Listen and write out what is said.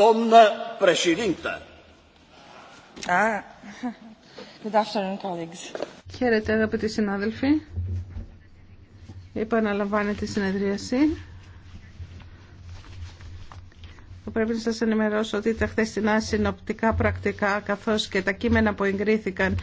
Doamnă președintă! Ah. Good afternoon, colleagues. Χαίρετε, αγαπητοί συνάδελφοι. Επαναλαμβάνεται η συνεδρίαση. Θα πρέπει να σας ενημερώσω ότι τα χθεσινά συνοπτικά πρακτικά καθώς και τα κείμενα που εγκρίθηκαν